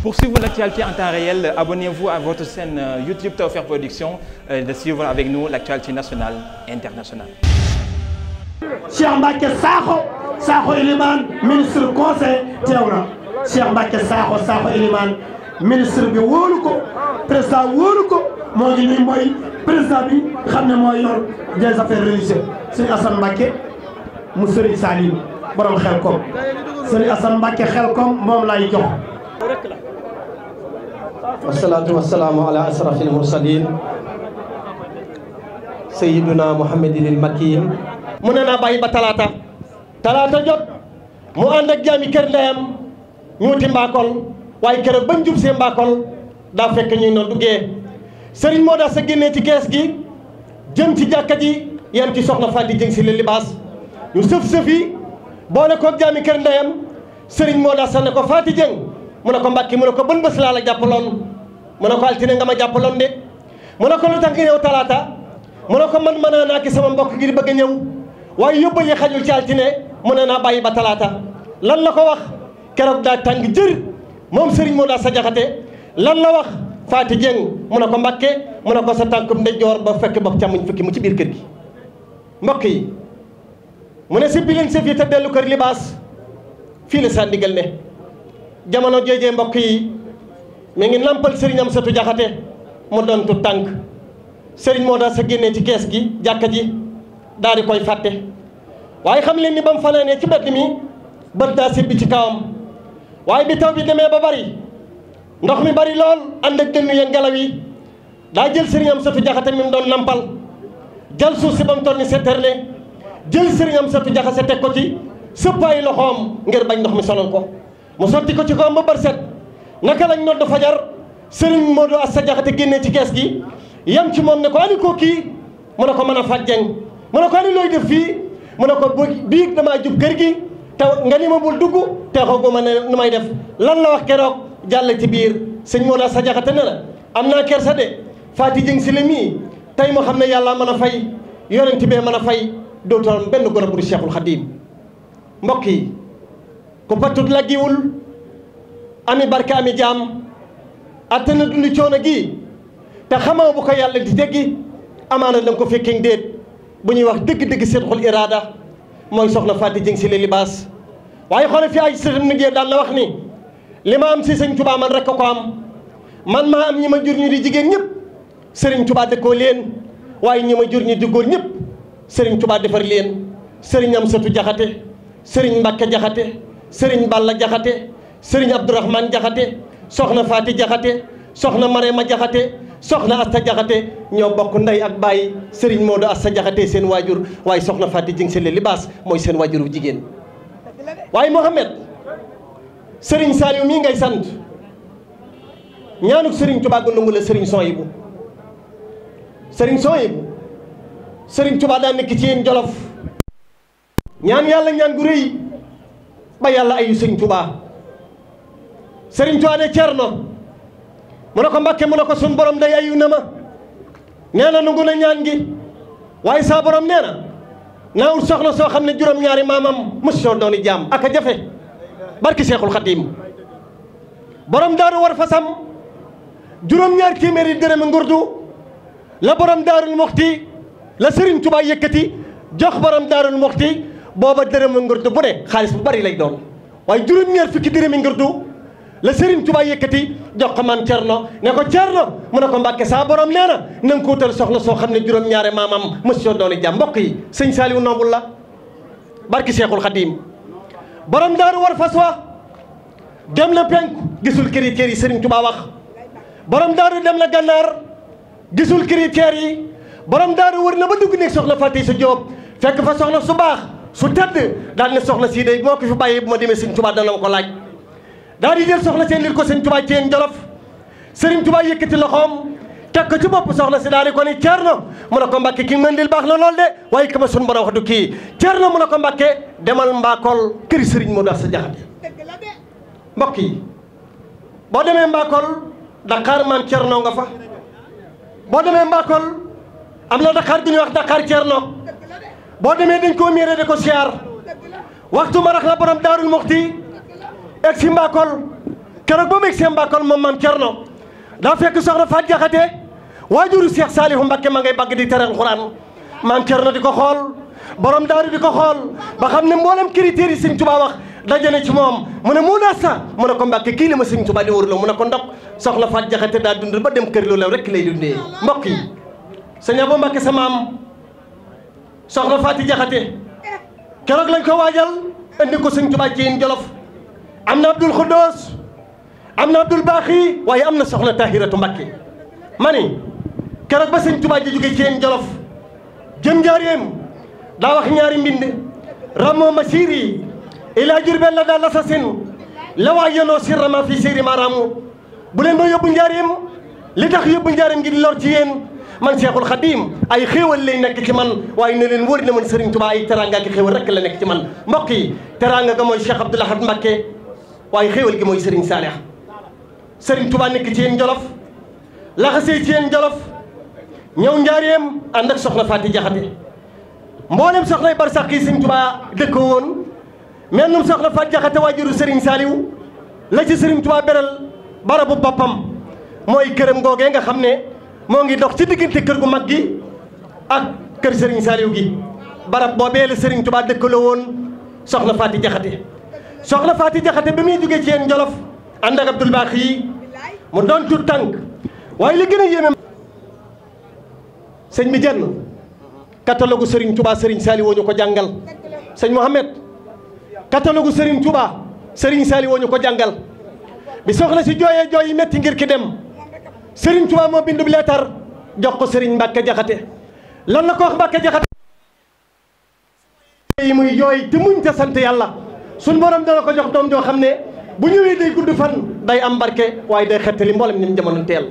Pour suivre l'actualité en temps réel, abonnez-vous à votre chaîne euh, YouTube Tawfekh Production euh, de suivre avec nous l'actualité nationale internationale. Cheikh Mbacké Sakho Sakho Elimane ministre conseil teew na Cheikh Mbacké Sakho Sakho ministre bi wóolu président wóolu ko moo ngi nii mooy président bi xam ne des affaires religieuses Serigne Assane Mbacké Salim borom xel koom Serigne Assane Mbacké xel koom wasalaatu wasalaamu ala asrafil mursalin sayiduna muhammadinil makin mu ne naa bàyyi ba talaata talaata jot mu ànd ak jaami kër ndeyam ñu mbaakol waaye kër bañ jub see mbaakol daa fekk ñuy noon duggee sëriñ moo daa sa ci kees gi jëm ci jàkka ji yem ci soxna Fàddi jëng si li libaas ñu sëf-sëf yi boole koog jaami kër ndeyam sëriñ moo daa sa ne ko Fàddi jëng mu ne ko mbàkki mu ne ko bën bës laa la jàppaloon mu ne ko altine nga ma jàppaloon de mu ne ko lu tax nga talaata mu ne ko man mën naa naa ki sama mbokk ngir bëgg a ñëw waaye yóbba yi xajul ci altine mu ne naa bàyyi ba talaata lan la ko wax keroog daa tàng jër moom sëriñ moo daa sa jaxate lan la wax Faati Jeng mu a ko mbàkke mu a ko sa tànkum ndeyjoor ba fekk bopp càmmuñ fukki mu ci biir kër gi mbokk yi mu ne si bileen sëf yi dellu kër libaas fii la sa ndigal jamono joojee mbokk yi mi ngi nampal sëriñ am satu jaxate mu doon tu tànk sëriñ moo daal sa génnee ci kees gi jàkka ji daal di koy fàtte waaye xam leen ni ba mu fanaanee ci mbedd mi bët daa sibbi ci kawam waaye bi taw bi demee ba bari ndox mi bari lool ànd ak dënnu ya ngelaw yi daa jël sëriñ setu satu jaxate mi mu doon nampal jël suuf si ba mu toll ni setterle jël sëriñ am satu teg ko ci sëppaayu loxoom ngir bañ ndox mi sonal ko mu sotti ko ci ko am ba bër set naka lañ nodd fajar Serigne a Asta Diakhaté génne ci kees gi yam ci moom ne ko ani koo kii mu ne ko mën a fàjjeñ mu ne ko ani looy def fii mu ne ko bii damaa jub kër gi te nga ni ma bul dugg te xooguma ne nu may def lan la wax keroog jàll ci biir sëñ Modou Asta Diakhaté ne la am naa ker sa de faa Faty Dieng si la mii tey moo xam ne yàlla mën a fay yonent bee man a fay dootoon benn gone bu du Cheikhul Khadim mbokk yi ko fattut laggiwul ami barkaami jaam attana dundi coono gi te xamaa bu ko yàlla di teggi amaana danga ko fekkee déet bu ñuy wax dëgg-dëgg seetxul iraada mooy soxna Faty Dieng Sylla Libaas waaye xoole fi ay sëtam ni gee daan na wax ni li am si sëñ Tuubaa man rek ko am man maa am ñi ma jur ñu di jigéen ñëpp sëriñ Tuubaa dëkkoo leen waaye ñi ma jur ñu di góor ñëpp sëriñ Tuubaa defar leen sëriñ am sëtu jaxate sëriñ Mbàkke jaxate sëriñ Balla Jaxate sëriñ Abdourahmane Jaxate soxna Faati Jaxate soxna Marema Jaxate soxna Asta Jaxate ñoo bokk ndey ak bàyyi sëriñ Modou Asta Jaxate seen waajur waaye soxna Faati Jeng Sele Libaas mooy seen waajur bu jigéen waaye Mohamed sëriñ Saliou mii ngay sant ñaanuk sëriñ Tuubaa gu nangu la sëriñ Soyibu sëriñ Soyibu sëriñ Tuubaa daa ci yéen Jolof ñaan yàlla ñaan gu rëy ba yàlla ayu sëñ Tuubaa sëriñ Tuubaa ne Cerno mu ne ko Mbàkke mu ne ko sun borom day ayu na ma nee na nangu na ñaan gi waaye saa borom nee na naawul soxna soo xam ne juróom-ñaari maamam mosoo dooni jaam ak jafe barki Seexul Xadiim borom daaru war fasam juróom-ñaar téeméeri dërëmi ngurdu la borom daarul moxti la sëriñ tubaa yëkkati jox borom daarul moxti booba dërëmu ngërdu bu ne xaalis bu bari lay doon waaye juróom-ñaar fukki dërëmi ngërdu la Serigne Touba yëkkati jox ko maam Thierno ne ko Thierno mu ne ko Mbàkke saa boroom nee na na nga soxna soo xam ne juróom-ñaare maamam monsieur doon jàmm mbokk yi sëñ Saliou nombul la barki Cheikhul Khadim borom daaru war fas wa dem na penku gisul critères yi sëriñ Touba wax borom daaru dem na gànnaar gisul critères yi borom daaru wër na ba dugg nekk soxna sa Diop fekk fa soxna su baax. su tëdd daal ne soxna sii day moo ko fi bàyyi ma demee seen Tuubaa dana ma ko laaj daal di jël soxna seen lir ko sëñ Tuubaa ceen jolof sëriñ Tuubaa yëkkati loxoom teg ko ci bopp soxna si daa di ko ni Cerno mu ne ko Mbàkke ki ngandil baax na lool de waaye ki ma sun bara wax du kii Cerno mu ne ko Mbàkke demal Mbakol këri sëriñ moo daal sa jaxate mbokk yi boo demee Mbakol Dakar maam Cerno nga fa boo demee Mbakol am na Dakar bi ñuy wax Dakar Cerno boo demee dañ koo miiree de ko siyaar waxtu marax la borom daarul muxti egg si Mbakol keroog ba mu egg si Mbakol moom maam Cerno daa fekk soxna Faat Jaxate waajuru Seex Saalihu Mbakke ma ngay bagg di tere alxuraan maam Cerno di ko xool borom daaru di ko xool ba xam ne mboolem critères yi Sëñ Tuubaa wax daje na ci moom mu ne moo naa sa mu ne ko Mbakke kii la ma Sëñ Tuubaa di wóorloo mu ne ko ndox soxna Faat Jaxate daa dund ba dem kër loolu rek lay dundee mbokk yi sëñ soxna Faati Jaxate keroog lañ ko waajal indi ko sëñ Tuubaa ci yéen Jolof am na Abdul Xuddoos am na Abdul Baaxi waaye am na soxna Tahiratu Mbakke ma ni keroog ba sëñ Tuubaa ci yéen Jolof jëm njaareem daa wax ñaari mbind ramoo ma siiri ilaa Jurbel la daa lasasin la waa yenoo sirrama fii siiri maaraamu bu leen ma yóbbu njaareem li tax yóbbu njaareem ngi di lor ci yéen man Cheikhul Khadim ay xéewal lay nekk ci man waaye ne leen wër na man Serigne Touba ay teraanga ki xéewal rek la nekk ci man mbokk yi teraanga ga mooy Cheikh Abdoul Ahad Mbacké waaye xéewal gi mooy Serigne Saliou sëriñ Touba nekk ci yéen Jolof laxasee ci yéen Jolof ñëw njaareem ànd ak soxna Faati Jaxate mboolem soxnay barsàq yi Serigne Touba dëkkoo woon mennum soxna Faati Jaxate waajuru Serigne Saliou la ci Serigne Touba beral barabu boppam mooy këram googee nga xam ne moo ngi dox ci diggante kër gu mag gi ak kër Serigne Saliou gi barab boobee la Serigne Touba dëkkaloo woon soxna Faati Jaxate soxna Faati Jaxate bi muy jógee ci yéen Jolof ànd ak Abdoul yi mu doon tur tànk waaye li gën yéeme sëñ bi jenn catalogue sëriñ Touba sëriñ Saliou ñu ko jàngal sëñ Mohamed catalogue sëriñ Touba Serigne Saliou ñu ko jàngal bi soxna si jooyee jooy yi métti ngir ki dem. Serigne Touba moo bindu leetar jox ko sëriñ Mbacke Jaxate lan la ko wax Mbacke Jaxate yi muy yooy te muñ te sant yàlla suñ borom dana ko jox doom joo xam ne bu ñu wee day gudd fan day am barke waaye day xettali mboolem ñun jamono teel